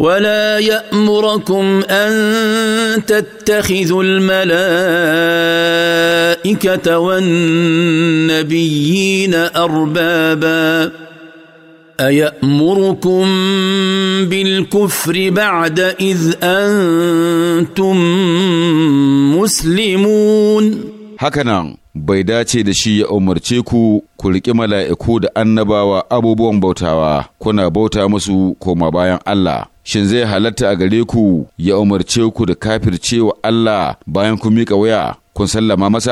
ولا يامركم ان تتخذوا الملائكه والنبيين اربابا ايامركم بالكفر بعد اذ انتم مسلمون hakanan bai dace da shi ya umarce ku ku riƙi mala'iku da annabawa abubuwan bautawa kuna bauta musu koma bayan Allah shin zai halatta a gare ku ya umarce ku da kafircewa Allah bayan kun miƙa waya kun sallama masa